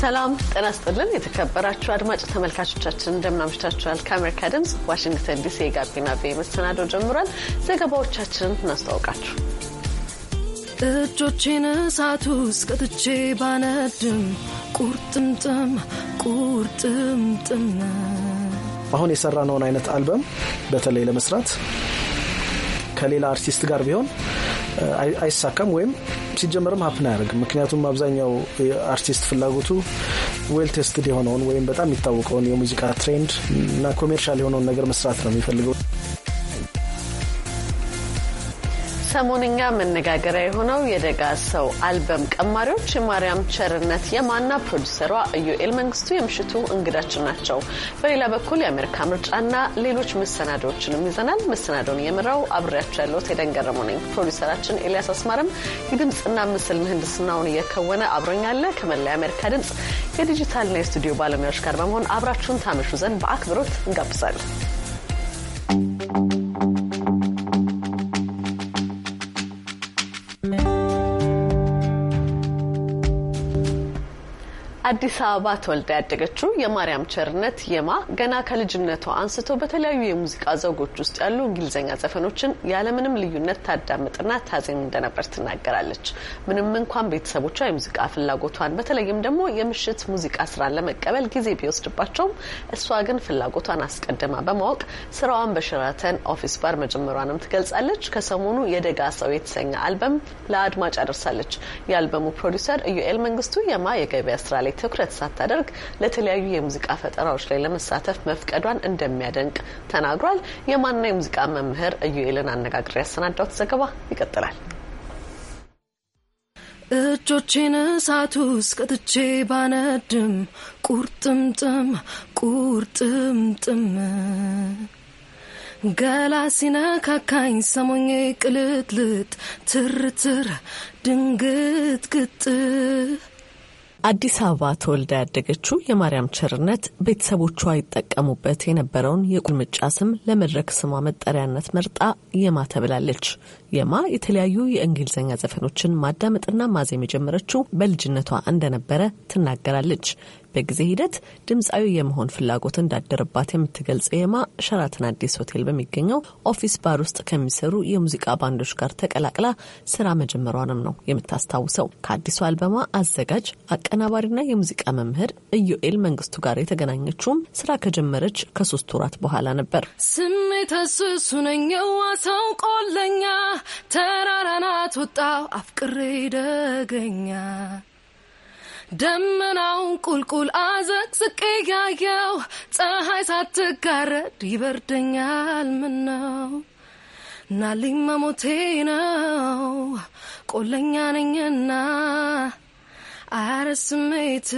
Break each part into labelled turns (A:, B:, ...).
A: ሰላም ጤና ይስጥልን። የተከበራችሁ አድማጭ ተመልካቾቻችን እንደምናምሽታችኋል። ከአሜሪካ ድምጽ ዋሽንግተን ዲሲ የጋቢና ቤ መሰናዶ ጀምሯል። ዘገባዎቻችንን እናስተዋውቃችሁ።
B: እጆቼን እሳት ውስጥ ባነድም ቁርጥምጥም ቁርጥምጥም።
C: አሁን የሰራነውን አይነት አልበም በተለይ ለመስራት ከሌላ አርቲስት ጋር ቢሆን አይሳካም ወይም ሲጀመርም ሀፕን አያደርግም። ምክንያቱም አብዛኛው አርቲስት ፍላጎቱ ዌል ቴስትድ የሆነውን ወይም በጣም የሚታወቀውን የሙዚቃ ትሬንድ እና ኮሜርሻል የሆነውን ነገር መስራት ነው የሚፈልገው።
A: ሰሞንኛ መነጋገሪያ የሆነው የደጋ ሰው አልበም ቀማሪዎች የማርያም ቸርነት የማና ፕሮዲሰሯ ኢዮኤል መንግስቱ የምሽቱ እንግዳችን ናቸው። በሌላ በኩል የአሜሪካ ምርጫና ሌሎች መሰናዶዎችንም ይዘናል። መሰናዶን የምራው አብሬያቸው ያለሁት ኤደን ገረሙ ነኝ። ፕሮዲሰራችን ኤልያስ አስማረም የድምፅና ምስል ምህንድስናውን እየከወነ አብሮኛለ። ከመላ የአሜሪካ ድምፅ የዲጂታልና የስቱዲዮ ባለሙያዎች ጋር በመሆን አብራችሁን ታመሹ ዘንድ በአክብሮት እንጋብዛለን። አዲስ አበባ ተወልዳ ያደገችው የማርያም ቸርነት የማ ገና ከልጅነቷ አንስቶ በተለያዩ የሙዚቃ ዘውጎች ውስጥ ያሉ እንግሊዝኛ ዘፈኖችን ያለምንም ልዩነት ታዳምጥና ታዜም እንደነበር ትናገራለች። ምንም እንኳን ቤተሰቦቿ የሙዚቃ ፍላጎቷን በተለይም ደግሞ የምሽት ሙዚቃ ስራን ለመቀበል ጊዜ ቢወስድባቸውም እሷ ግን ፍላጎቷን አስቀድማ በማወቅ ስራዋን በሸራተን ኦፊስ ባር መጀመሯንም ትገልጻለች። ከሰሞኑ የደጋ ሰው የተሰኘ አልበም ለአድማጭ አደርሳለች። የአልበሙ ፕሮዲሰር ኢዩኤል መንግስቱ የማ የገበያ ስራ ላይ ትኩረት ሳታደርግ ለተለያዩ የሙዚቃ ፈጠራዎች ላይ ለመሳተፍ መፍቀዷን እንደሚያደንቅ ተናግሯል። የማና የሙዚቃ መምህር እዩኤልን አነጋግሬ ያሰናዳሁት ዘገባ ይቀጥላል።
B: እጆቼን እሳት ውስጥ ቀጥቼ ባነድም ቁርጥምጥም ቁርጥምጥም ገላ ሲነካካኝ ሰሞኜ ቅልጥልጥ ትርትር ድንግጥግጥ
A: አዲስ አበባ ተወልዳ ያደገችው የማርያም ቸርነት ቤተሰቦቿ ይጠቀሙበት የነበረውን የቁልምጫ ስም ለመድረክ ስሟ መጠሪያነት መርጣ የማ ተብላለች። የማ የተለያዩ የእንግሊዝኛ ዘፈኖችን ማዳመጥና ማዜም የጀመረችው በልጅነቷ እንደነበረ ትናገራለች። በጊዜ ሂደት ድምፃዊ የመሆን ፍላጎት እንዳደረባት የምትገልጽ የማ ሸራተን አዲስ ሆቴል በሚገኘው ኦፊስ ባር ውስጥ ከሚሰሩ የሙዚቃ ባንዶች ጋር ተቀላቅላ ስራ መጀመሯንም ነው የምታስታውሰው። ከአዲሱ አልበማ አዘጋጅ አቀናባሪና የሙዚቃ መምህር ኢዮኤል መንግስቱ ጋር የተገናኘችውም ስራ ከጀመረች ከሶስት ወራት በኋላ ነበር።
B: ስሜት ተራራናት ወጣው አፍቅሬ ደገኛ ደመናውን ቁልቁል አዘቅዝቄ ያየው ፀሐይ ሳትጋረድ ይበርደኛል ነው ናልኝ መሞቴ ነው ቆለኛ ነኝና አያረ ስሜት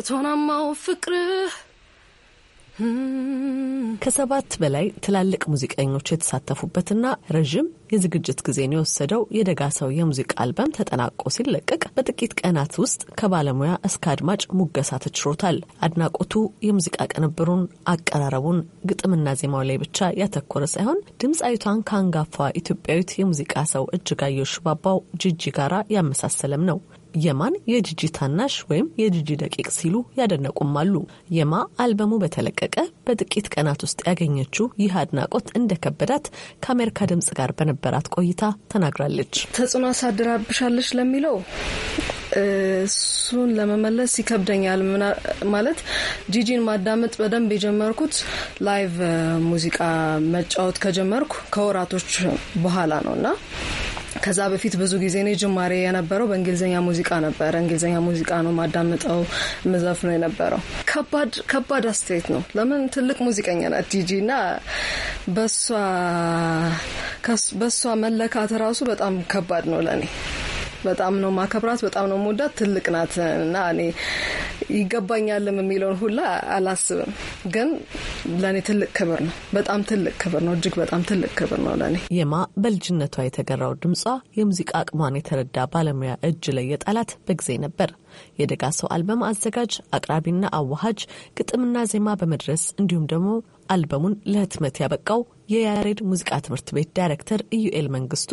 B: እቶናማው ፍቅርህ ከሰባት በላይ
A: ትላልቅ ሙዚቀኞች የተሳተፉበትና ረዥም የዝግጅት ጊዜን የወሰደው የደጋ ሰው የሙዚቃ አልበም ተጠናቆ ሲለቀቅ በጥቂት ቀናት ውስጥ ከባለሙያ እስከ አድማጭ ሙገሳ ተችሮታል። አድናቆቱ የሙዚቃ ቅንብሩን፣ አቀራረቡን፣ ግጥምና ዜማው ላይ ብቻ ያተኮረ ሳይሆን ድምፃዊቷን ከአንጋፋ ኢትዮጵያዊት የሙዚቃ ሰው እጅጋየሁ ሽባባው ጂጂ ጋራ ያመሳሰለም ነው። የማን የጂጂ ታናሽ ወይም የጂጂ ደቂቅ ሲሉ ያደነቁም አሉ። የማ አልበሙ በተለቀቀ በጥቂት ቀናት ውስጥ ያገኘችው ይህ አድናቆት እንደከበዳት ከአሜሪካ ድምጽ ጋር በነበራት ቆይታ ተናግራለች።
D: ተጽዕኖ አሳድራብሻለች ለሚለው እሱን ለመመለስ ይከብደኛል። ማለት ጂጂን ማዳመጥ በደንብ የጀመርኩት ላይቭ ሙዚቃ መጫወት ከጀመርኩ ከወራቶች በኋላ ነው እና ከዛ በፊት ብዙ ጊዜ እኔ ጅማሬ የነበረው በእንግሊዝኛ ሙዚቃ ነበረ። እንግሊዝኛ ሙዚቃ ነው ማዳምጠው ምዘፍ ነው የነበረው። ከባድ ከባድ አስተያየት ነው። ለምን ትልቅ ሙዚቀኛ ናት ዲጂ እና በሷ መለካት ራሱ በጣም ከባድ ነው ለእኔ በጣም ነው ማከብራት፣ በጣም ነው መወዳት። ትልቅ ናት እና እኔ ይገባኛልም የሚለውን ሁላ አላስብም፣ ግን ለእኔ ትልቅ ክብር ነው። በጣም ትልቅ ክብር ነው። እጅግ በጣም ትልቅ ክብር ነው ለእኔ። የማ በልጅነቷ የተገራው ድምጿ የሙዚቃ
A: አቅሟን የተረዳ ባለሙያ እጅ ላይ የጣላት በጊዜ ነበር። የደጋ ሰው አልበም አዘጋጅ አቅራቢና አዋሃጅ፣ ግጥምና ዜማ በመድረስ እንዲሁም ደግሞ አልበሙን ለህትመት ያበቃው የያሬድ ሙዚቃ ትምህርት ቤት ዳይሬክተር ኢዩኤል መንግስቱ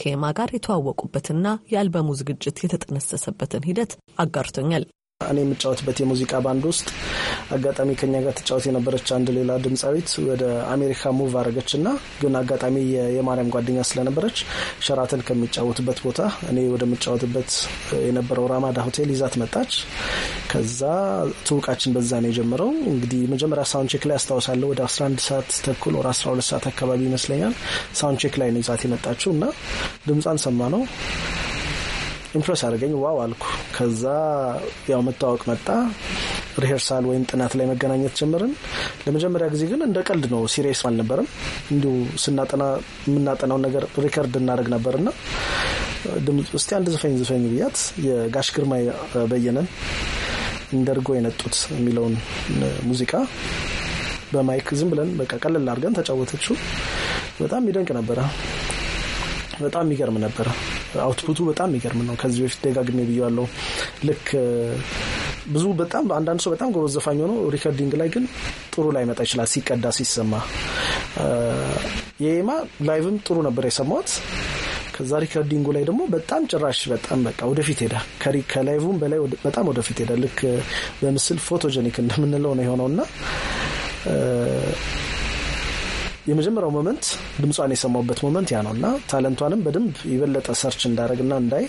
A: ከየማ ጋር የተዋወቁበትና የአልበሙ ዝግጅት የተጠነሰሰበትን ሂደት አጋርቶኛል።
C: እኔ የምጫወትበት የሙዚቃ ባንድ ውስጥ አጋጣሚ ከኛ ጋር ትጫወት የነበረች አንድ ሌላ ድምፃዊት ወደ አሜሪካ ሙቭ አደረገች እና ግን አጋጣሚ የማርያም ጓደኛ ስለነበረች ሸራተን ከሚጫወትበት ቦታ እኔ ወደምጫወትበት የነበረው ራማዳ ሆቴል ይዛት መጣች። ከዛ ትውቃችን በዛ ነው የጀመረው። እንግዲህ መጀመሪያ ሳውንቼክ ላይ አስታውሳለሁ ወደ 11 ሰዓት ተኩል ወደ 12 ሰዓት አካባቢ ይመስለኛል ሳውንቼክ ላይ ነው ይዛት የመጣችው እና ድምፃን ሰማ ነው ኢምፕረስ አድርገኝ ዋው አልኩ። ከዛ ያው መታወቅ መጣ። ሪሄርሳል ወይም ጥናት ላይ መገናኘት ጀመርን። ለመጀመሪያ ጊዜ ግን እንደ ቀልድ ነው፣ ሲሪየስ አልነበርም። እንዲሁ ስናጠና የምናጠናውን ነገር ሪከርድ እናደርግ ነበርና ድምፅ ውስጥ አንድ ዝፈኝ ዝፈኝ ብያት የጋሽ ግርማ በየነን እንደርጎ የነጡት የሚለውን ሙዚቃ በማይክ ዝም ብለን በቃ ቀለል አድርገን ተጫወተችው። በጣም ይደንቅ ነበረ። በጣም ይገርም ነበረ። አውትፑቱ በጣም የሚገርም ነው። ከዚህ በፊት ደጋግሜ ብያለሁ። ልክ ብዙ በጣም አንዳንድ ሰው በጣም ጎበዝ ዘፋኝ ሆኖ ሪከርዲንግ ላይ ግን ጥሩ ላይ መጣ ይችላል ሲቀዳ ሲሰማ። የኤማ ላይቭም ጥሩ ነበር የሰማሁት። ከዛ ሪከርዲንጉ ላይ ደግሞ በጣም ጭራሽ በጣም በቃ ወደፊት ሄደ። ከላይቭም በላይ በጣም ወደፊት ሄደ። ልክ በምስል ፎቶጀኒክ እንደምንለው ነው የሆነውና የመጀመሪያው ሞመንት ድምጿን የሰማሁበት ሞመንት ያ ነው እና ታለንቷንም በደንብ የበለጠ ሰርች እንዳደረግና እንዳይ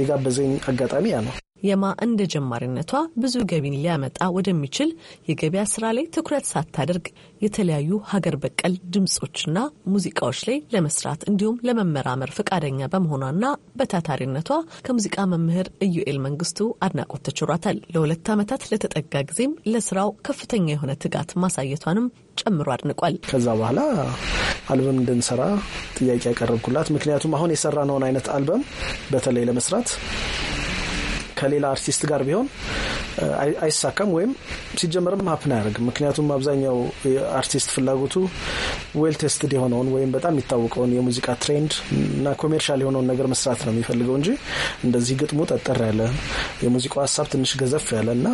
C: የጋበዘኝ አጋጣሚ ያ ነው።
A: የማ እንደ ጀማሪነቷ ብዙ ገቢን ሊያመጣ ወደሚችል የገበያ ስራ ላይ ትኩረት ሳታደርግ የተለያዩ ሀገር በቀል ድምፆችና ሙዚቃዎች ላይ ለመስራት እንዲሁም ለመመራመር ፈቃደኛ በመሆኗና በታታሪነቷ ከሙዚቃ መምህር ኢዩኤል መንግስቱ አድናቆት ተችሯታል። ለሁለት ዓመታት ለተጠጋ ጊዜም ለስራው ከፍተኛ የሆነ ትጋት ማሳየቷንም ጨምሮ አድንቋል። ከዛ በኋላ
C: አልበም እንድንሰራ ጥያቄ ያቀረብኩላት፣ ምክንያቱም አሁን የሰራነውን አይነት አልበም በተለይ ለመስራት ከሌላ አርቲስት ጋር ቢሆን አይሳካም ወይም ሲጀመርም ሀፕን አያደርግም። ምክንያቱም አብዛኛው አርቲስት ፍላጎቱ ዌል ቴስትድ የሆነውን ወይም በጣም የሚታወቀውን የሙዚቃ ትሬንድ እና ኮሜርሻል የሆነውን ነገር መስራት ነው የሚፈልገው እንጂ እንደዚህ ግጥሙ ጠጠር ያለ የሙዚቃው ሀሳብ ትንሽ ገዘፍ ያለ እና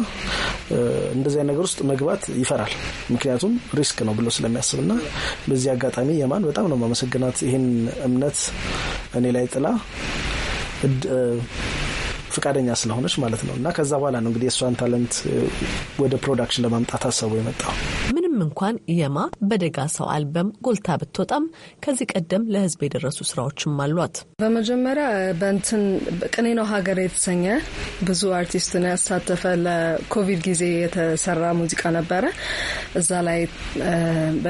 C: እንደዚያ ነገር ውስጥ መግባት ይፈራል። ምክንያቱም ሪስክ ነው ብሎ ስለሚያስብ እና በዚህ አጋጣሚ የማን በጣም ነው ማመሰግናት ይህን እምነት እኔ ላይ ጥላ ፍቃደኛ ስለሆነች ማለት ነው። እና ከዛ በኋላ ነው እንግዲህ የእሷን ታለንት ወደ ፕሮዳክሽን ለማምጣት አሰቡ የመጣው።
A: ምንም እንኳን የማ በደጋ ሰው አልበም ጎልታ ብትወጣም ከዚህ ቀደም ለህዝብ የደረሱ ስራዎችም አሏት።
D: በመጀመሪያ በንትን ቅኔ ነው ሀገር የተሰኘ ብዙ አርቲስትን ያሳተፈ ለኮቪድ ጊዜ የተሰራ ሙዚቃ ነበረ። እዛ ላይ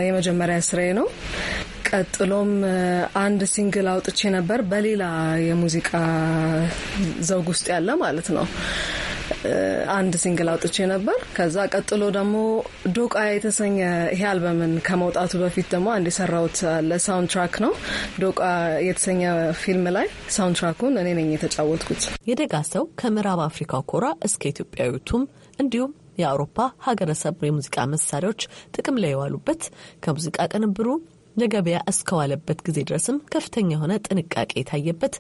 D: የመጀመሪያ ስራዬ ነው። ቀጥሎም uh, አንድ ሲንግል አውጥቼ ነበር በሌላ የሙዚቃ ዘውግ ውስጥ ያለ ማለት ነው። uh, አንድ ሲንግል አውጥቼ ነበር። ከዛ ቀጥሎ ደግሞ ዶቃ የተሰኘ ይሄ አልበምን ከመውጣቱ በፊት ደግሞ አንድ የሰራሁት ሳውንድ ትራክ ነው። ዶቃ የተሰኘ ፊልም ላይ ሳውንድ ትራኩን እኔ ነኝ የተጫወትኩት።
A: የደጋ ሰው ከምዕራብ አፍሪካው ኮራ እስከ ኢትዮጵያዊቱም እንዲሁም የአውሮፓ ሀገረሰብ የሙዚቃ መሳሪያዎች ጥቅም ላይ የዋሉበት ከሙዚቃ ቅንብሩ ለገበያ እስከዋለበት ጊዜ ድረስም ከፍተኛ የሆነ ጥንቃቄ የታየበት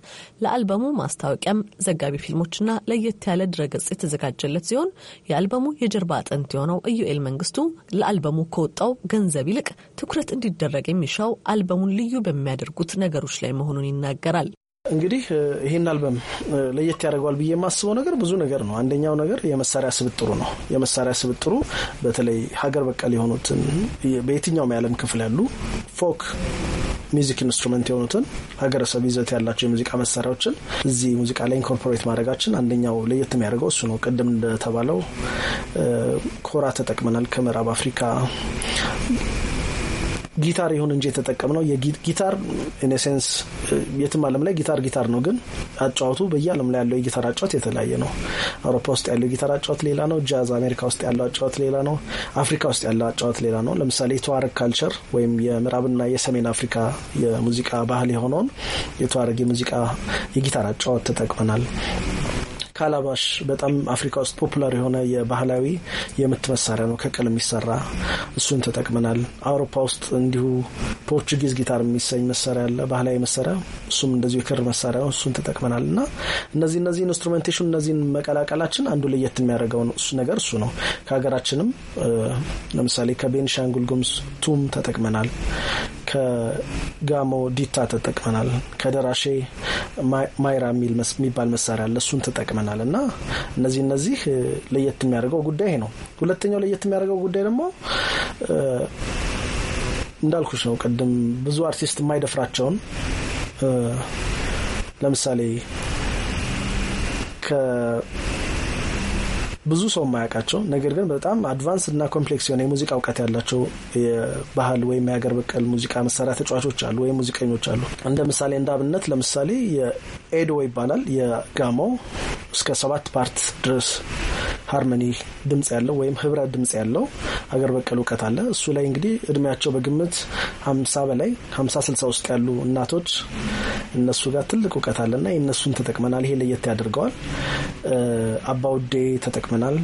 A: ለአልበሙ ማስታወቂያም ዘጋቢ ፊልሞችና ለየት ያለ ድረገጽ የተዘጋጀለት ሲሆን የአልበሙ የጀርባ አጥንት የሆነው ኢዩኤል መንግስቱ ለአልበሙ ከወጣው ገንዘብ ይልቅ ትኩረት እንዲደረግ የሚሻው አልበሙን ልዩ በሚያደርጉት ነገሮች ላይ መሆኑን ይናገራል።
C: እንግዲህ ይህን አልበም ለየት ያደርገዋል ብዬ የማስበው ነገር ብዙ ነገር ነው። አንደኛው ነገር የመሳሪያ ስብጥሩ ነው። የመሳሪያ ስብጥሩ በተለይ ሀገር በቀል የሆኑትን በየትኛውም የዓለም ክፍል ያሉ ፎክ ሚዚክ ኢንስትሩመንት የሆኑትን ሀገረሰብ ይዘት ያላቸው የሙዚቃ መሳሪያዎችን እዚህ ሙዚቃ ላይ ኢንኮርፖሬት ማድረጋችን አንደኛው ለየት የሚያደርገው እሱ ነው። ቅድም እንደተባለው ኮራ ተጠቅመናል ከምዕራብ አፍሪካ ጊታር ይሁን እንጂ የተጠቀምነው የጊታር ኢንሴንስ የትም ዓለም ላይ ጊታር ጊታር ነው። ግን አጫዋቱ በየዓለም ላይ ያለው የጊታር አጫዋት የተለያየ ነው። አውሮፓ ውስጥ ያለው የጊታር አጫወት ሌላ ነው። ጃዝ አሜሪካ ውስጥ ያለው አጫዋት ሌላ ነው። አፍሪካ ውስጥ ያለው አጫዋት ሌላ ነው። ለምሳሌ የተዋረግ ካልቸር ወይም የምዕራብና የሰሜን አፍሪካ የሙዚቃ ባህል የሆነውን የተዋረግ የሙዚቃ የጊታር አጫዋት ተጠቅመናል። ካላባሽ በጣም አፍሪካ ውስጥ ፖፑላር የሆነ የባህላዊ የምት መሳሪያ ነው፣ ከቅል የሚሰራ እሱን ተጠቅመናል። አውሮፓ ውስጥ እንዲሁ ፖርቹጊዝ ጊታር የሚሰኝ መሳሪያ አለ፣ ባህላዊ መሳሪያ፣ እሱም እንደዚሁ የክር መሳሪያ ነው፣ እሱን ተጠቅመናል እና እነዚህ እነዚህ ኢንስትሩሜንቴሽን እነዚህን መቀላቀላችን አንዱ ለየት የሚያደርገው ነገር እሱ ነው። ከሀገራችንም ለምሳሌ ከቤንሻንጉል ጉሙዝ ቱም ተጠቅመናል። ከጋሞ ዲታ ተጠቅመናል። ከደራሼ ማይራ የሚባል መሳሪያ አለ፣ እሱን ተጠቅመናል እና እነዚህ እነዚህ ለየት የሚያደርገው ጉዳይ ነው። ሁለተኛው ለየት የሚያደርገው ጉዳይ ደግሞ እንዳልኩሽ ነው ቅድም ብዙ አርቲስት የማይደፍራቸውን ለምሳሌ ብዙ ሰው የማያውቃቸው ነገር ግን በጣም አድቫንስ እና ኮምፕሌክስ የሆነ የሙዚቃ እውቀት ያላቸው የባህል ወይም የሀገር በቀል ሙዚቃ መሳሪያ ተጫዋቾች አሉ ወይም ሙዚቀኞች አሉ። እንደ ምሳሌ እንዳብነት ለምሳሌ የኤዶ ይባላል የጋሞ እስከ ሰባት ፓርት ድረስ ሃርመኒ ድምጽ ያለው ወይም ህብረ ድምጽ ያለው አገር በቀል እውቀት አለ። እሱ ላይ እንግዲህ እድሜያቸው በግምት ሀምሳ በላይ ሀምሳ ስልሳ ውስጥ ያሉ እናቶች እነሱ ጋር ትልቅ እውቀት አለና የእነሱን ተጠቅመናል። ይሄ ለየት ያደርገዋል። አባውዴ ተጠቅመናል።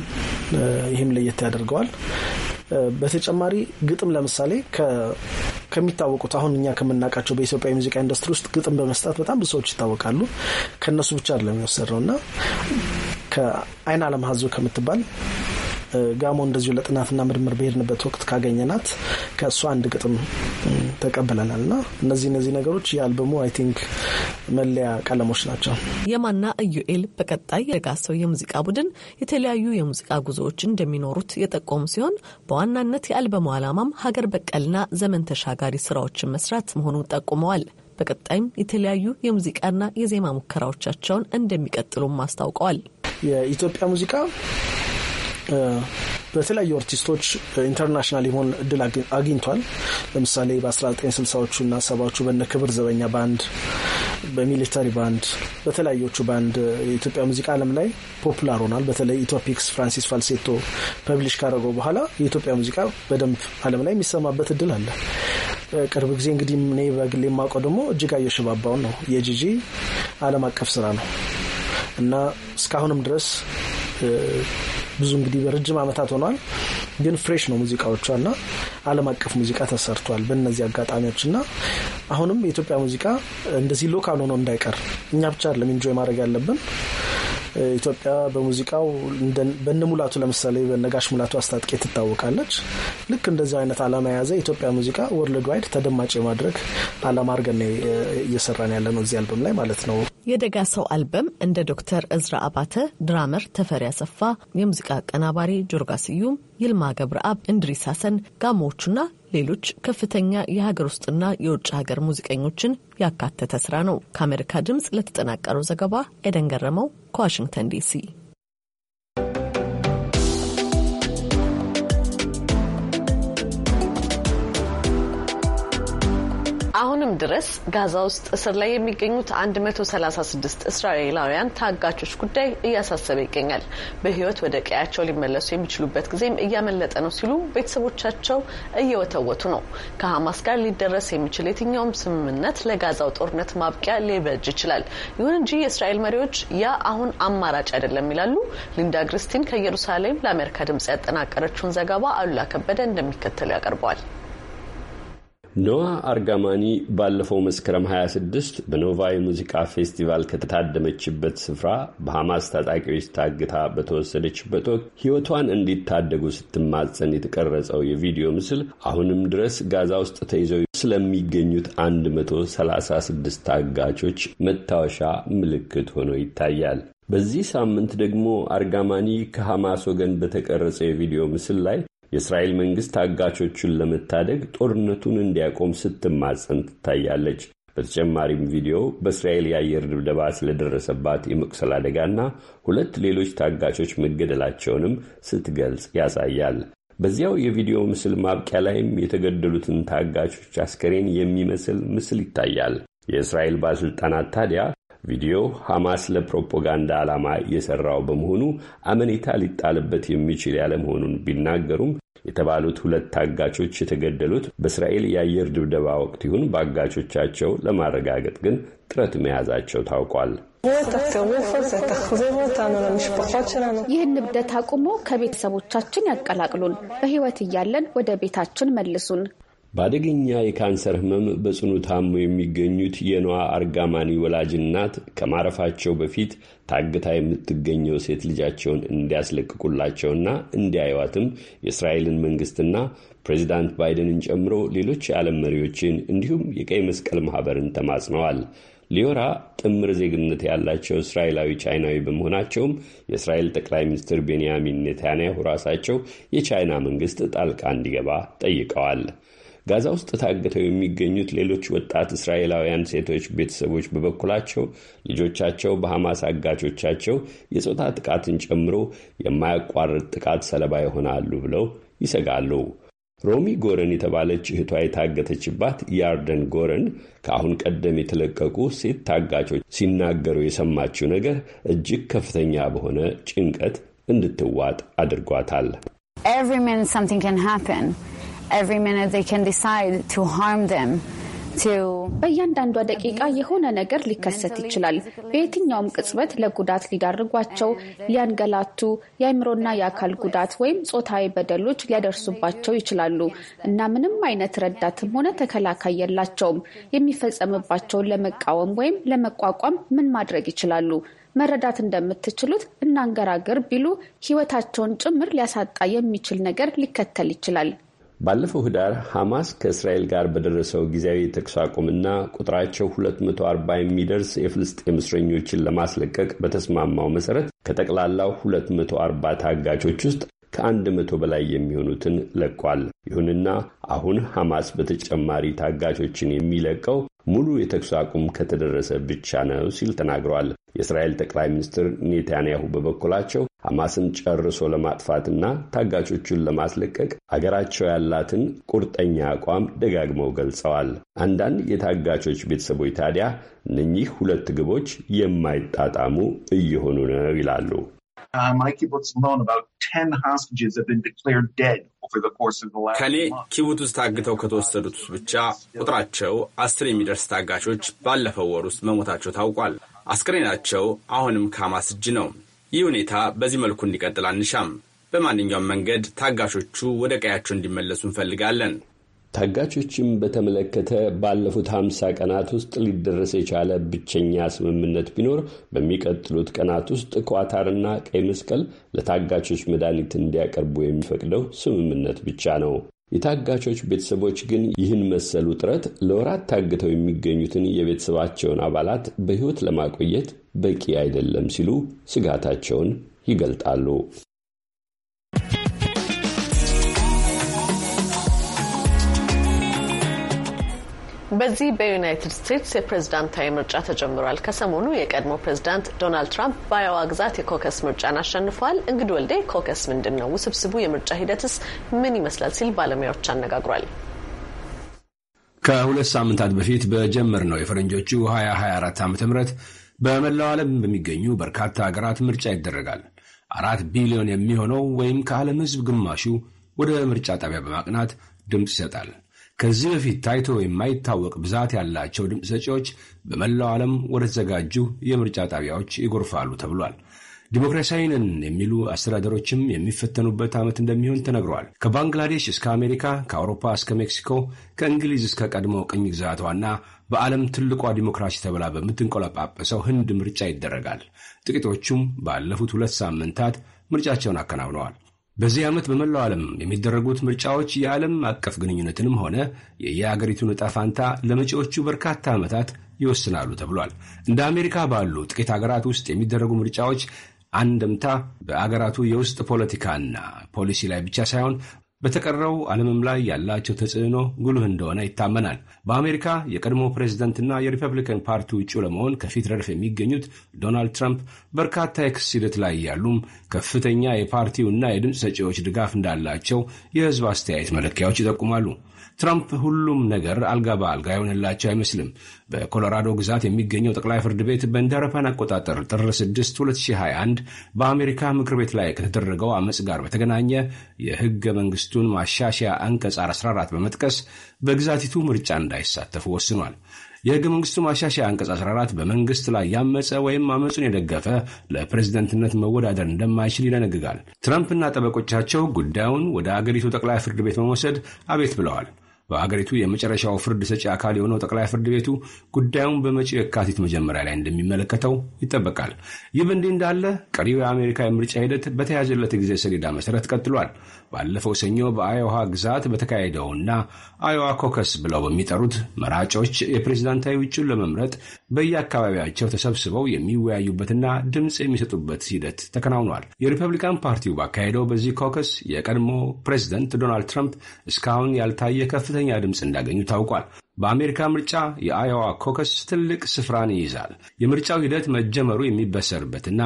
C: ይህም ለየት ያደርገዋል። በተጨማሪ ግጥም ለምሳሌ ከሚታወቁት አሁን እኛ ከምናውቃቸው በኢትዮጵያ የሙዚቃ ኢንዱስትሪ ውስጥ ግጥም በመስጣት በጣም ብዙ ሰዎች ይታወቃሉ። ከእነሱ ብቻ አይደለም የወሰድነው እና ከአይን አለም ሀዞ ከምትባል ጋሞ እንደዚሁ ለጥናትና ምርምር በሄድንበት ወቅት ካገኘናት ከእሱ አንድ ግጥም ተቀብለናል እና እነዚህ እነዚህ ነገሮች የአልበሙ አይ ቲንክ መለያ ቀለሞች ናቸው።
A: የማና ኢዩኤል በቀጣይ የጋሰው የሙዚቃ ቡድን የተለያዩ የሙዚቃ ጉዞዎች እንደሚኖሩት የጠቆሙ ሲሆን በዋናነት የአልበሙ ዓላማም ሀገር በቀልና ዘመን ተሻጋሪ ስራዎችን መስራት መሆኑን ጠቁመዋል። በቀጣይም የተለያዩ የሙዚቃና የዜማ ሙከራዎቻቸውን
C: እንደሚቀጥሉም አስታውቀዋል። የኢትዮጵያ ሙዚቃ በተለያዩ አርቲስቶች ኢንተርናሽናል የሆን እድል አግኝቷል። ለምሳሌ በ1960ዎቹ እና ሰባዎቹ በነ ክብር ዘበኛ ባንድ፣ በሚሊተሪ ባንድ፣ በተለያዮቹ ባንድ የኢትዮጵያ ሙዚቃ ዓለም ላይ ፖፑላር ሆኗል። በተለይ ኢትዮፒክስ ፍራንሲስ ፋልሴቶ ፐብሊሽ ካረገው በኋላ የኢትዮጵያ ሙዚቃ በደንብ ዓለም ላይ የሚሰማበት እድል አለ። ቅርብ ጊዜ እንግዲህ እኔ በግሌ የማውቀው ደግሞ እጅጋየሁ ሽባባውን ነው። የጂጂ ዓለም አቀፍ ስራ ነው እና እስካሁንም ድረስ ብዙ እንግዲህ ረጅም ዓመታት ሆኗል፣ ግን ፍሬሽ ነው ሙዚቃዎቿ እና ዓለም አቀፍ ሙዚቃ ተሰርቷል በእነዚህ አጋጣሚዎች እና አሁንም የኢትዮጵያ ሙዚቃ እንደዚህ ሎካል ሆኖ እንዳይቀር እኛ ብቻ አይደለም ኢንጆይ ማድረግ ያለብን ኢትዮጵያ በሙዚቃው በነ ሙላቱ ለምሳሌ በነጋሽ ሙላቱ አስታጥቄ ትታወቃለች። ልክ እንደዚህ አይነት አላማ የያዘ የኢትዮጵያ ሙዚቃ ወርልድ ዋይድ ተደማጭ የማድረግ አላማ አድርገን እየሰራን ያለ ነው እዚህ አልበም ላይ ማለት ነው። የደጋ ሰው
A: አልበም እንደ ዶክተር እዝራ አባተ፣ ድራመር ተፈሪ አሰፋ፣ የሙዚቃ አቀናባሪ ጆርጋ ስዩም፣ ይልማ ገብረአብ፣ እንድሪስ ሀሰን፣ ጋሞዎቹና ሌሎች ከፍተኛ የሀገር ውስጥና የውጭ ሀገር ሙዚቀኞችን ያካተተ ስራ ነው። ከአሜሪካ ድምፅ ለተጠናቀረው ዘገባ ኤደን ገረመው Washington, D.C. አሁንም ድረስ ጋዛ ውስጥ እስር ላይ የሚገኙት 136 እስራኤላውያን ታጋቾች ጉዳይ እያሳሰበ ይገኛል። በህይወት ወደ ቀያቸው ሊመለሱ የሚችሉበት ጊዜም እያመለጠ ነው ሲሉ ቤተሰቦቻቸው እየወተወቱ ነው። ከሀማስ ጋር ሊደረስ የሚችል የትኛውም ስምምነት ለጋዛው ጦርነት ማብቂያ ሊበጅ ይችላል። ይሁን እንጂ የእስራኤል መሪዎች ያ አሁን አማራጭ አይደለም ይላሉ። ሊንዳ ግሪስቲን ከኢየሩሳሌም ለአሜሪካ ድምጽ ያጠናቀረችውን ዘገባ አሉላ ከበደ እንደሚከተሉ ያቀርበዋል።
E: ኖዋ አርጋማኒ ባለፈው መስከረም 26 በኖቫ የሙዚቃ ፌስቲቫል ከተታደመችበት ስፍራ በሐማስ ታጣቂዎች ታግታ በተወሰደችበት ወቅት ሕይወቷን እንዲታደጉ ስትማጸን የተቀረጸው የቪዲዮ ምስል አሁንም ድረስ ጋዛ ውስጥ ተይዘው ስለሚገኙት 136 ታጋቾች መታወሻ ምልክት ሆኖ ይታያል። በዚህ ሳምንት ደግሞ አርጋማኒ ከሐማስ ወገን በተቀረጸ የቪዲዮ ምስል ላይ የእስራኤል መንግስት ታጋቾቹን ለመታደግ ጦርነቱን እንዲያቆም ስትማጸን ትታያለች። በተጨማሪም ቪዲዮ በእስራኤል የአየር ድብደባ ስለደረሰባት የመቁሰል አደጋና ሁለት ሌሎች ታጋቾች መገደላቸውንም ስትገልጽ ያሳያል። በዚያው የቪዲዮ ምስል ማብቂያ ላይም የተገደሉትን ታጋቾች አስከሬን የሚመስል ምስል ይታያል። የእስራኤል ባለሥልጣናት ታዲያ ቪዲዮው ሐማስ ለፕሮፓጋንዳ ዓላማ እየሰራው በመሆኑ አመኔታ ሊጣልበት የሚችል ያለመሆኑን ቢናገሩም የተባሉት ሁለት ታጋቾች የተገደሉት በእስራኤል የአየር ድብደባ ወቅት ይሁን በአጋቾቻቸው ለማረጋገጥ ግን ጥረት መያዛቸው ታውቋል።
D: ይህን ንብደት አቁሞ ከቤተሰቦቻችን
A: ያቀላቅሉን፣ በሕይወት እያለን ወደ ቤታችን መልሱን፣
E: በአደገኛ የካንሰር ህመም በጽኑ ታሞ የሚገኙት የኖዋ አርጋማኒ ወላጅ እናት ከማረፋቸው በፊት ታግታ የምትገኘው ሴት ልጃቸውን እንዲያስለቅቁላቸውና እንዲያዩዋትም የእስራኤልን መንግስትና ፕሬዚዳንት ባይደንን ጨምሮ ሌሎች የዓለም መሪዎችን እንዲሁም የቀይ መስቀል ማኅበርን ተማጽነዋል። ሊዮራ ጥምር ዜግነት ያላቸው እስራኤላዊ ቻይናዊ በመሆናቸውም የእስራኤል ጠቅላይ ሚኒስትር ቤንያሚን ኔታንያሁ ራሳቸው የቻይና መንግስት ጣልቃ እንዲገባ ጠይቀዋል። ጋዛ ውስጥ ታግተው የሚገኙት ሌሎች ወጣት እስራኤላውያን ሴቶች ቤተሰቦች በበኩላቸው ልጆቻቸው በሐማስ አጋቾቻቸው የጾታ ጥቃትን ጨምሮ የማያቋርጥ ጥቃት ሰለባ ይሆናሉ ብለው ይሰጋሉ። ሮሚ ጎረን የተባለች እህቷ የታገተችባት ያርደን ጎረን ከአሁን ቀደም የተለቀቁ ሴት ታጋቾች ሲናገሩ የሰማችው ነገር እጅግ ከፍተኛ በሆነ ጭንቀት እንድትዋጥ አድርጓታል።
B: በእያንዳንዷ ደቂቃ የሆነ ነገር ሊከሰት ይችላል። በየትኛውም
A: ቅጽበት ለጉዳት ሊዳርጓቸው፣ ሊያንገላቱ፣ የአእምሮና የአካል ጉዳት ወይም ጾታዊ በደሎች ሊያደርሱባቸው ይችላሉ እና ምንም አይነት ረዳትም ሆነ ተከላካይ የላቸውም። የሚፈጸምባቸውን ለመቃወም ወይም ለመቋቋም ምን ማድረግ ይችላሉ? መረዳት እንደምትችሉት እናንገራግር ቢሉ ህይወታቸውን ጭምር ሊያሳጣ የሚችል ነገር ሊከተል ይችላል።
E: ባለፈው ህዳር ሐማስ ከእስራኤል ጋር በደረሰው ጊዜያዊ የተኩስ አቁምና ቁጥራቸው 240 የሚደርስ የፍልስጤም እስረኞችን ለማስለቀቅ በተስማማው መሰረት ከጠቅላላው 240 ታጋቾች ውስጥ ከአንድ መቶ በላይ የሚሆኑትን ለቋል። ይሁንና አሁን ሐማስ በተጨማሪ ታጋቾችን የሚለቀው ሙሉ የተኩስ አቁም ከተደረሰ ብቻ ነው ሲል ተናግሯል። የእስራኤል ጠቅላይ ሚኒስትር ኔታንያሁ በበኩላቸው ሐማስን ጨርሶ ለማጥፋትና ታጋቾቹን ለማስለቀቅ አገራቸው ያላትን ቁርጠኛ አቋም ደጋግመው ገልጸዋል። አንዳንድ የታጋቾች ቤተሰቦች ታዲያ እነኚህ ሁለት ግቦች የማይጣጣሙ እየሆኑ ነው ይላሉ።
F: ከኔ ኪቡት
G: ውስጥ ታግተው ከተወሰዱት ብቻ ቁጥራቸው አስር የሚደርስ ታጋቾች ባለፈው ወር ውስጥ መሞታቸው ታውቋል። አስክሬናቸው አሁንም ከሐማስ እጅ ነው። ይህ ሁኔታ በዚህ መልኩ እንዲቀጥል አንሻም። በማንኛውም መንገድ ታጋሾቹ ወደ ቀያቸው እንዲመለሱ እንፈልጋለን።
E: ታጋቾችም በተመለከተ ባለፉት 50 ቀናት ውስጥ ሊደረስ የቻለ ብቸኛ ስምምነት ቢኖር በሚቀጥሉት ቀናት ውስጥ ኳታርና ቀይ መስቀል ለታጋቾች መድኃኒት እንዲያቀርቡ የሚፈቅደው ስምምነት ብቻ ነው። የታጋቾች ቤተሰቦች ግን ይህን መሰሉ ጥረት ለወራት ታግተው የሚገኙትን የቤተሰባቸውን አባላት በሕይወት ለማቆየት በቂ አይደለም ሲሉ ስጋታቸውን ይገልጣሉ።
A: በዚህ በዩናይትድ ስቴትስ የፕሬዝዳንታዊ ምርጫ ተጀምሯል። ከሰሞኑ የቀድሞ ፕሬዝዳንት ዶናልድ ትራምፕ በአዮዋ ግዛት የኮከስ ምርጫን አሸንፏል። እንግድ ወልዴ ኮከስ ምንድን ነው? ውስብስቡ የምርጫ ሂደትስ ምን ይመስላል? ሲል ባለሙያዎች አነጋግሯል።
G: ከሁለት ሳምንታት በፊት በጀመር ነው የፈረንጆቹ 2024 ዓ ም በመላው ዓለም በሚገኙ በርካታ ሀገራት ምርጫ ይደረጋል። አራት ቢሊዮን የሚሆነው ወይም ከዓለም ህዝብ ግማሹ ወደ ምርጫ ጣቢያ በማቅናት ድምፅ ይሰጣል። ከዚህ በፊት ታይቶ የማይታወቅ ብዛት ያላቸው ድምፅ ሰጪዎች በመላው ዓለም ወደተዘጋጁ የምርጫ ጣቢያዎች ይጎርፋሉ ተብሏል። ዲሞክራሲያዊ ነን የሚሉ አስተዳደሮችም የሚፈተኑበት ዓመት እንደሚሆን ተነግሯል። ከባንግላዴሽ እስከ አሜሪካ፣ ከአውሮፓ እስከ ሜክሲኮ፣ ከእንግሊዝ እስከ ቀድሞ ቅኝ ግዛቷና በዓለም ትልቋ ዲሞክራሲ ተብላ በምትንቆለጳጰሰው ህንድ ምርጫ ይደረጋል። ጥቂቶቹም ባለፉት ሁለት ሳምንታት ምርጫቸውን አከናውነዋል። በዚህ ዓመት በመላው ዓለም የሚደረጉት ምርጫዎች የዓለም አቀፍ ግንኙነትንም ሆነ የየአገሪቱን ዕጣ ፋንታ ለመጪዎቹ በርካታ ዓመታት ይወስናሉ ተብሏል። እንደ አሜሪካ ባሉ ጥቂት አገራት ውስጥ የሚደረጉ ምርጫዎች አንድምታ በአገራቱ የውስጥ ፖለቲካና ፖሊሲ ላይ ብቻ ሳይሆን በተቀረው ዓለምም ላይ ያላቸው ተጽዕኖ ጉልህ እንደሆነ ይታመናል። በአሜሪካ የቀድሞ ፕሬዝደንትና የሪፐብሊካን ፓርቲ ውጭ ለመሆን ከፊት ረድፍ የሚገኙት ዶናልድ ትራምፕ በርካታ የክስ ሂደት ላይ ያሉም ከፍተኛ የፓርቲውና የድምፅ ሰጪዎች ድጋፍ እንዳላቸው የሕዝብ አስተያየት መለኪያዎች ይጠቁማሉ። ትራምፕ ሁሉም ነገር አልጋ በአልጋ የሆነላቸው አይመስልም። በኮሎራዶ ግዛት የሚገኘው ጠቅላይ ፍርድ ቤት እንደ አቆጣጠር ጥር 6 2021 በአሜሪካ ምክር ቤት ላይ ከተደረገው አመፅ ጋር በተገናኘ የህገ መንግስቱን ማሻሻያ አንቀጽ 14 በመጥቀስ በግዛቲቱ ምርጫ እንዳይሳተፉ ወስኗል። የህገ መንግስቱ ማሻሻያ አንቀጽ 14 በመንግስት ላይ ያመፀ ወይም አመፁን የደገፈ ለፕሬዝደንትነት መወዳደር እንደማይችል ይደነግጋል። ትራምፕና ጠበቆቻቸው ጉዳዩን ወደ አገሪቱ ጠቅላይ ፍርድ ቤት በመውሰድ አቤት ብለዋል። በአገሪቱ የመጨረሻው ፍርድ ሰጪ አካል የሆነው ጠቅላይ ፍርድ ቤቱ ጉዳዩን በመጪ የካቲት መጀመሪያ ላይ እንደሚመለከተው ይጠበቃል። ይህ በእንዲህ እንዳለ ቀሪው የአሜሪካ የምርጫ ሂደት በተያዘለት ጊዜ ሰሌዳ መሰረት ቀጥሏል። ባለፈው ሰኞ በአዮዋ ግዛት በተካሄደውና አዮዋ ኮከስ ብለው በሚጠሩት መራጮች የፕሬዝዳንታዊ እጩን ለመምረጥ በየአካባቢያቸው ተሰብስበው የሚወያዩበትና ድምፅ የሚሰጡበት ሂደት ተከናውኗል። የሪፐብሊካን ፓርቲው ባካሄደው በዚህ ኮከስ የቀድሞ ፕሬዝደንት ዶናልድ ትራምፕ እስካሁን ያልታየ ከፍተኛ ድምፅ እንዳገኙ ታውቋል። በአሜሪካ ምርጫ የአዮዋ ኮከስ ትልቅ ስፍራን ይይዛል። የምርጫው ሂደት መጀመሩ የሚበሰርበትና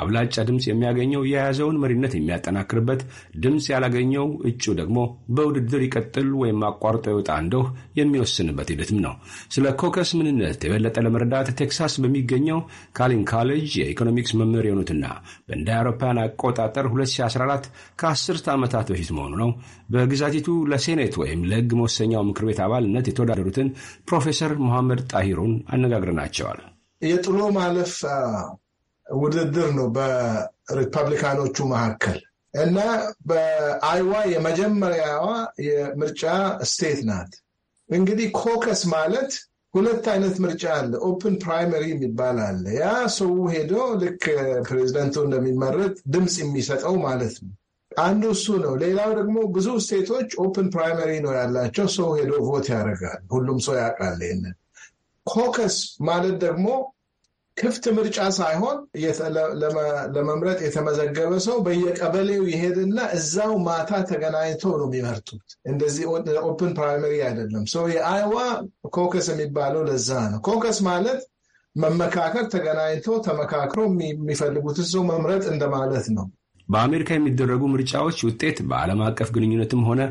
G: አብላጫ ድምፅ የሚያገኘው የያዘውን መሪነት የሚያጠናክርበት፣ ድምፅ ያላገኘው እጩ ደግሞ በውድድር ይቀጥል ወይም አቋርጦ ይወጣ እንደው የሚወስንበት ሂደትም ነው። ስለ ኮከስ ምንነት የበለጠ ለመረዳት ቴክሳስ በሚገኘው ካሊን ካሌጅ የኢኮኖሚክስ መምህር የሆኑትና በእንደ አውሮፓውያን አቆጣጠር 2014 10 ዓመታት በፊት መሆኑ ነው በግዛቲቱ ለሴኔት ወይም ለሕግ መወሰኛው ምክር ቤት አባልነት የተወዳደሩትን ፕሮፌሰር መሐመድ ጣሂሩን አነጋግረናቸዋል።
H: የጥሎ ማለፍ ውድድር ነው በሪፐብሊካኖቹ መካከል እና በአይዋ የመጀመሪያዋ የምርጫ ስቴት ናት። እንግዲህ ኮከስ ማለት ሁለት አይነት ምርጫ አለ። ኦፕን ፕራይመሪ የሚባል አለ። ያ ሰው ሄዶ ልክ ፕሬዚደንቱ እንደሚመረጥ ድምፅ የሚሰጠው ማለት ነው። አንዱ እሱ ነው። ሌላው ደግሞ ብዙ ስቴቶች ኦፕን ፕራይመሪ ነው ያላቸው። ሰው ሄዶ ቮት ያደርጋል። ሁሉም ሰው ያውቃል ይሄንን። ኮከስ ማለት ደግሞ ክፍት ምርጫ ሳይሆን ለመምረጥ የተመዘገበ ሰው በየቀበሌው ይሄድና እዛው ማታ ተገናኝተው ነው የሚመርጡት። እንደዚህ ኦፕን ፕራይመሪ አይደለም። ሰው የአይዋ ኮከስ የሚባለው ለዛ ነው። ኮከስ ማለት መመካከር፣ ተገናኝተው ተመካክረው የሚፈልጉትን ሰው መምረጥ እንደማለት ነው።
G: በአሜሪካ የሚደረጉ ምርጫዎች ውጤት በዓለም አቀፍ ግንኙነትም ሆነ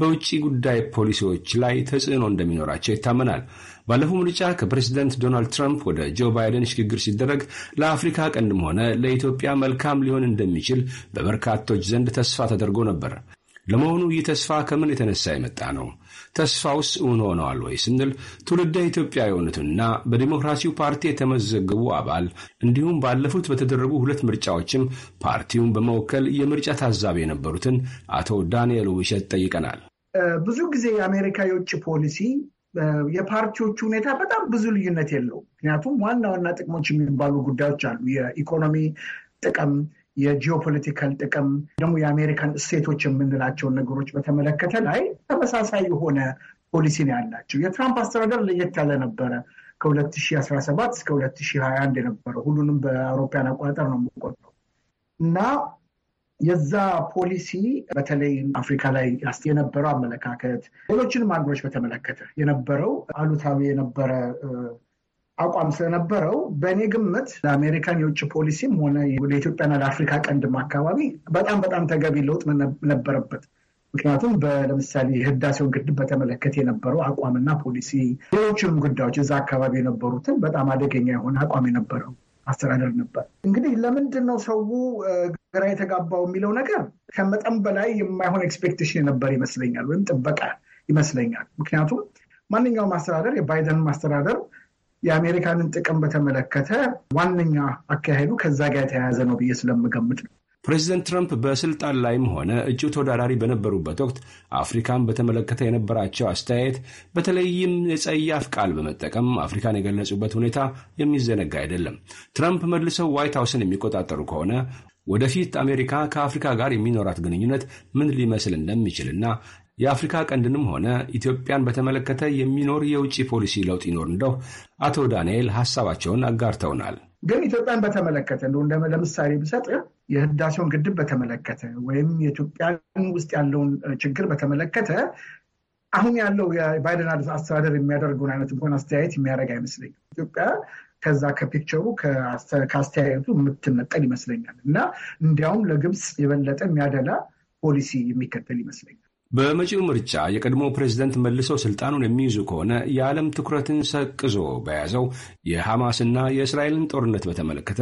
G: በውጭ ጉዳይ ፖሊሲዎች ላይ ተጽዕኖ እንደሚኖራቸው ይታመናል። ባለፈው ምርጫ ከፕሬዚደንት ዶናልድ ትራምፕ ወደ ጆ ባይደን ሽግግር ሲደረግ ለአፍሪካ ቀንድም ሆነ ለኢትዮጵያ መልካም ሊሆን እንደሚችል በበርካቶች ዘንድ ተስፋ ተደርጎ ነበር። ለመሆኑ ይህ ተስፋ ከምን የተነሳ የመጣ ነው? ተስፋውስ እውን ሆነዋል ወይ ስንል ትውልደ ኢትዮጵያ የሆኑትና በዲሞክራሲው ፓርቲ የተመዘገቡ አባል እንዲሁም ባለፉት በተደረጉ ሁለት ምርጫዎችም ፓርቲውን በመወከል የምርጫ ታዛቢ የነበሩትን አቶ ዳንኤል ውሸት ጠይቀናል።
F: ብዙ ጊዜ የአሜሪካ የውጭ ፖሊሲ የፓርቲዎቹ ሁኔታ በጣም ብዙ ልዩነት የለውም። ምክንያቱም ዋና ዋና ጥቅሞች የሚባሉ ጉዳዮች አሉ። የኢኮኖሚ ጥቅም፣ የጂኦፖለቲካል ጥቅም ደግሞ የአሜሪካን እሴቶች የምንላቸውን ነገሮች በተመለከተ ላይ ተመሳሳይ የሆነ ፖሊሲ ነው ያላቸው። የትራምፕ አስተዳደር ለየት ያለ ነበረ። ከ2017 እስከ 2021 የነበረው ሁሉንም በአውሮፓያን አቆጣጠር ነው የምቆጥረው እና የዛ ፖሊሲ በተለይ አፍሪካ ላይ የነበረው አመለካከት ሌሎችንም ሀገሮች በተመለከተ የነበረው አሉታዊ የነበረ አቋም ስለነበረው በእኔ ግምት ለአሜሪካን የውጭ ፖሊሲም ሆነ ለኢትዮጵያና ለአፍሪካ ቀንድም አካባቢ በጣም በጣም ተገቢ ለውጥ ነበረበት። ምክንያቱም ለምሳሌ ህዳሴውን ግድብ በተመለከተ የነበረው አቋምና ፖሊሲ፣ ሌሎችንም ጉዳዮች እዛ አካባቢ የነበሩትን በጣም አደገኛ የሆነ አቋም የነበረው አስተዳደር ነበር። እንግዲህ ለምንድን ነው ሰው ግራ የተጋባው የሚለው ነገር ከመጠን በላይ የማይሆን ኤክስፔክቴሽን የነበር ይመስለኛል፣ ወይም ጥበቃ ይመስለኛል። ምክንያቱም ማንኛውም አስተዳደር የባይደን አስተዳደር የአሜሪካንን ጥቅም በተመለከተ ዋነኛ አካሄዱ ከዛ ጋር የተያያዘ ነው ብዬ ስለምገምት። ነው።
G: ፕሬዚደንት ትራምፕ በስልጣን ላይም ሆነ እጩ ተወዳዳሪ በነበሩበት ወቅት አፍሪካን በተመለከተ የነበራቸው አስተያየት በተለይም የጸያፍ ቃል በመጠቀም አፍሪካን የገለጹበት ሁኔታ የሚዘነጋ አይደለም። ትራምፕ መልሰው ዋይት ሀውስን የሚቆጣጠሩ ከሆነ ወደፊት አሜሪካ ከአፍሪካ ጋር የሚኖራት ግንኙነት ምን ሊመስል እንደሚችልና የአፍሪካ ቀንድንም ሆነ ኢትዮጵያን በተመለከተ የሚኖር የውጭ ፖሊሲ ለውጥ ይኖር እንደው አቶ ዳንኤል ሀሳባቸውን አጋርተውናል።
F: ግን ኢትዮጵያን በተመለከተ እንደ ለምሳሌ ብሰጥ የህዳሴውን ግድብ በተመለከተ ወይም የኢትዮጵያን ውስጥ ያለውን ችግር በተመለከተ አሁን ያለው የባይደን አስተዳደር የሚያደርገውን አይነት እንኳን አስተያየት የሚያደርግ አይመስለኝም። ኢትዮጵያ ከዛ ከፒክቸሩ ከአስተያየቱ የምትነጠል ይመስለኛል እና እንዲያውም ለግብፅ የበለጠ የሚያደላ ፖሊሲ የሚከተል ይመስለኛል።
G: በመጪው ምርጫ የቀድሞ ፕሬዝደንት መልሰው ስልጣኑን የሚይዙ ከሆነ የዓለም ትኩረትን ሰቅዞ በያዘው የሐማስና የእስራኤልን ጦርነት በተመለከተ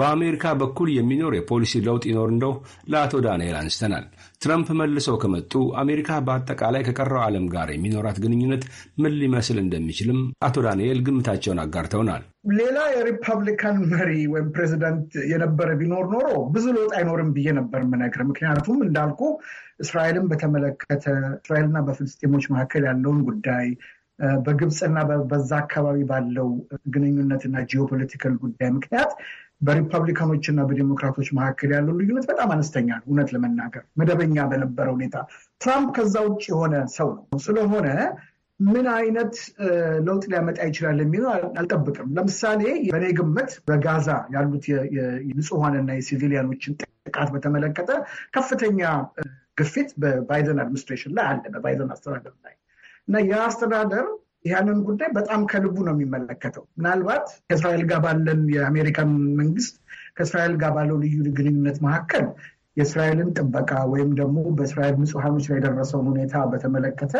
G: በአሜሪካ በኩል የሚኖር የፖሊሲ ለውጥ ይኖር እንደው ለአቶ ዳንኤል አንስተናል። ትራምፕ መልሰው ከመጡ አሜሪካ በአጠቃላይ ከቀረው ዓለም ጋር የሚኖራት ግንኙነት ምን ሊመስል እንደሚችልም አቶ ዳንኤል ግምታቸውን አጋርተውናል።
F: ሌላ የሪፐብሊካን መሪ ወይም ፕሬዚደንት የነበረ ቢኖር ኖሮ ብዙ ለውጥ አይኖርም ብዬ ነበር ምነግር። ምክንያቱም እንዳልኩ እስራኤልን በተመለከተ እስራኤልና በፍልስጤሞች መካከል ያለውን ጉዳይ በግብፅና በዛ አካባቢ ባለው ግንኙነትና ጂኦፖለቲካል ጉዳይ ምክንያት በሪፐብሊካኖች እና በዲሞክራቶች መካከል ያለው ልዩነት በጣም አነስተኛ ነው። እውነት ለመናገር መደበኛ በነበረ ሁኔታ ትራምፕ ከዛ ውጭ የሆነ ሰው ነው ስለሆነ ምን አይነት ለውጥ ሊያመጣ ይችላል የሚለው አልጠብቅም። ለምሳሌ በእኔ ግምት በጋዛ ያሉት የንጹሐንና የሲቪሊያኖችን ጥቃት በተመለከተ ከፍተኛ ግፊት በባይደን አድሚኒስትሬሽን ላይ አለ፣ በባይደን አስተዳደር ላይ እና ያ አስተዳደር ይህንን ጉዳይ በጣም ከልቡ ነው የሚመለከተው። ምናልባት ከእስራኤል ጋር ባለን የአሜሪካን መንግስት ከእስራኤል ጋር ባለው ልዩ ግንኙነት መካከል የእስራኤልን ጥበቃ ወይም ደግሞ በእስራኤል ንጹሐኖች ላይ የደረሰውን ሁኔታ በተመለከተ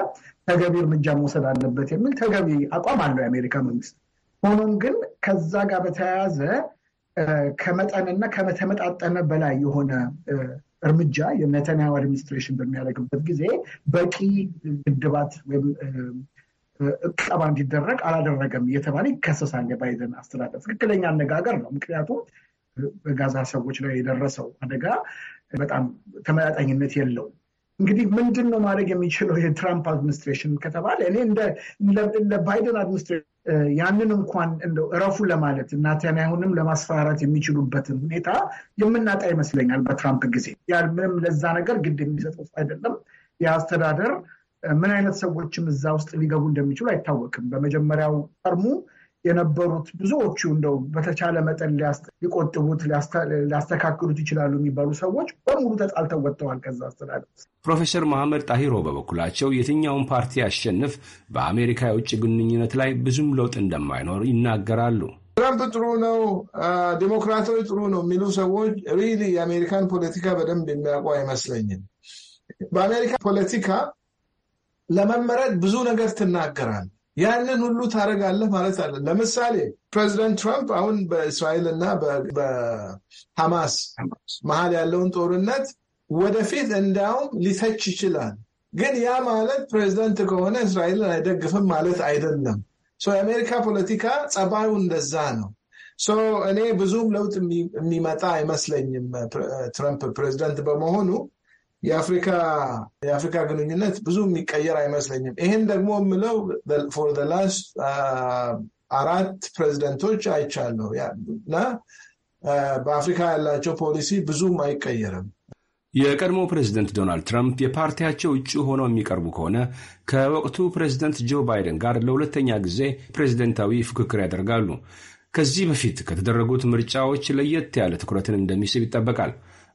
F: ተገቢ እርምጃ መውሰድ አለበት የሚል ተገቢ አቋም አለው የአሜሪካ መንግስት። ሆኖም ግን ከዛ ጋር በተያያዘ ከመጠንና ከተመጣጠነ በላይ የሆነ እርምጃ የኔታንያሁ አድሚኒስትሬሽን በሚያደርግበት ጊዜ በቂ ግድባት ወይም እቀባ እንዲደረግ አላደረገም እየተባለ ይከሰሳል። የባይደን አስተዳደር ትክክለኛ አነጋገር ነው። ምክንያቱም በጋዛ ሰዎች ላይ የደረሰው አደጋ በጣም ተመጣጣኝነት የለውም። እንግዲህ ምንድን ነው ማድረግ የሚችለው የትራምፕ አድሚኒስትሬሽን ከተባለ እኔ ለባይደን አድሚኒስትሬሽን ያንን እንኳን እንደው እረፉ ለማለት እና ተናሁንም ለማስፈራራት የሚችሉበትን ሁኔታ የምናጣ ይመስለኛል። በትራምፕ ጊዜ ያ ምንም ለዛ ነገር ግድ የሚሰጠው አይደለም የአስተዳደር ምን አይነት ሰዎችም እዛ ውስጥ ሊገቡ እንደሚችሉ አይታወቅም። በመጀመሪያው ተርሙ የነበሩት ብዙዎቹ እንደው በተቻለ መጠን ሊቆጥቡት ሊያስተካክሉት ይችላሉ የሚባሉ ሰዎች በሙሉ ተጣልተው ወጥተዋል ከዛ አስተዳደር።
G: ፕሮፌሰር መሐመድ ጣሂሮ በበኩላቸው የትኛውን ፓርቲ ያሸንፍ በአሜሪካ የውጭ ግንኙነት ላይ ብዙም ለውጥ እንደማይኖር ይናገራሉ።
H: ትራምፕ ጥሩ ነው፣ ዲሞክራቶች ጥሩ ነው የሚሉ ሰዎች ሪሊ የአሜሪካን ፖለቲካ በደንብ የሚያውቁ አይመስለኝም። በአሜሪካ ፖለቲካ ለመመረጥ ብዙ ነገር ትናገራል። ያንን ሁሉ ታደርጋለህ ማለት አለ። ለምሳሌ ፕሬዚደንት ትራምፕ አሁን በእስራኤል እና በሐማስ መሀል ያለውን ጦርነት ወደፊት እንዲያውም ሊተች ይችላል። ግን ያ ማለት ፕሬዚደንት ከሆነ እስራኤልን አይደግፍም ማለት አይደለም። የአሜሪካ ፖለቲካ ጸባዩ እንደዛ ነው። እኔ ብዙም ለውጥ የሚመጣ አይመስለኝም ትራምፕ ፕሬዚደንት በመሆኑ የአፍሪካ የአፍሪካ ግንኙነት ብዙ የሚቀየር አይመስለኝም። ይህን ደግሞ የምለው ፎር ዘ ላስት አራት ፕሬዚደንቶች አይቻለሁ እና uh, በአፍሪካ ያላቸው ፖሊሲ ብዙም አይቀየርም።
G: የቀድሞ ፕሬዚደንት ዶናልድ ትራምፕ የፓርቲያቸው እጩ ሆነው የሚቀርቡ ከሆነ ከወቅቱ ፕሬዚደንት ጆ ባይደን ጋር ለሁለተኛ ጊዜ ፕሬዚደንታዊ ፉክክር ያደርጋሉ። ከዚህ በፊት ከተደረጉት ምርጫዎች ለየት ያለ ትኩረትን እንደሚስብ ይጠበቃል።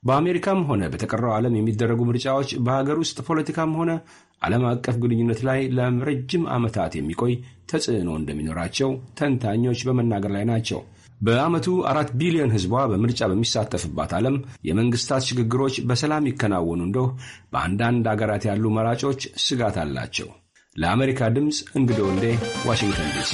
G: በአሜሪካም ሆነ በተቀረው ዓለም የሚደረጉ ምርጫዎች በሀገር ውስጥ ፖለቲካም ሆነ ዓለም አቀፍ ግንኙነት ላይ ለረጅም ዓመታት የሚቆይ ተጽዕኖ እንደሚኖራቸው ተንታኞች በመናገር ላይ ናቸው። በዓመቱ አራት ቢሊዮን ሕዝቧ በምርጫ በሚሳተፍባት ዓለም የመንግስታት ሽግግሮች በሰላም ይከናወኑ እንደው በአንዳንድ አገራት ያሉ መራጮች ስጋት አላቸው። ለአሜሪካ ድምፅ እንግዶ ወልዴ ዋሽንግተን ዲሲ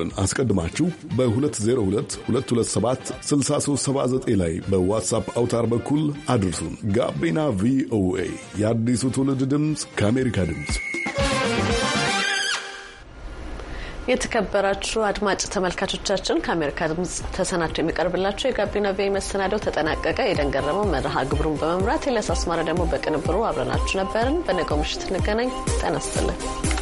H: ቁጥርን አስቀድማችሁ በ 6379 ላይ በዋትሳፕ አውታር በኩል አድርሱን። ጋቢና ቪኦኤ የአዲሱ ትውልድ ድምፅ ከአሜሪካ ድምፅ
A: የተከበራችሁ አድማጭ ተመልካቾቻችን ከአሜሪካ ድምጽ ተሰናቸው የሚቀርብላቸው የጋቢና ቪ መሰናደው ተጠናቀቀ። የደንገረመው መርሃ ግብሩን በመምራት ኤልያስ አስማረ ደግሞ በቅንብሩ አብረናችሁ ነበርን። በነገው ምሽት እንገናኝ። ጤና ይስጥልን።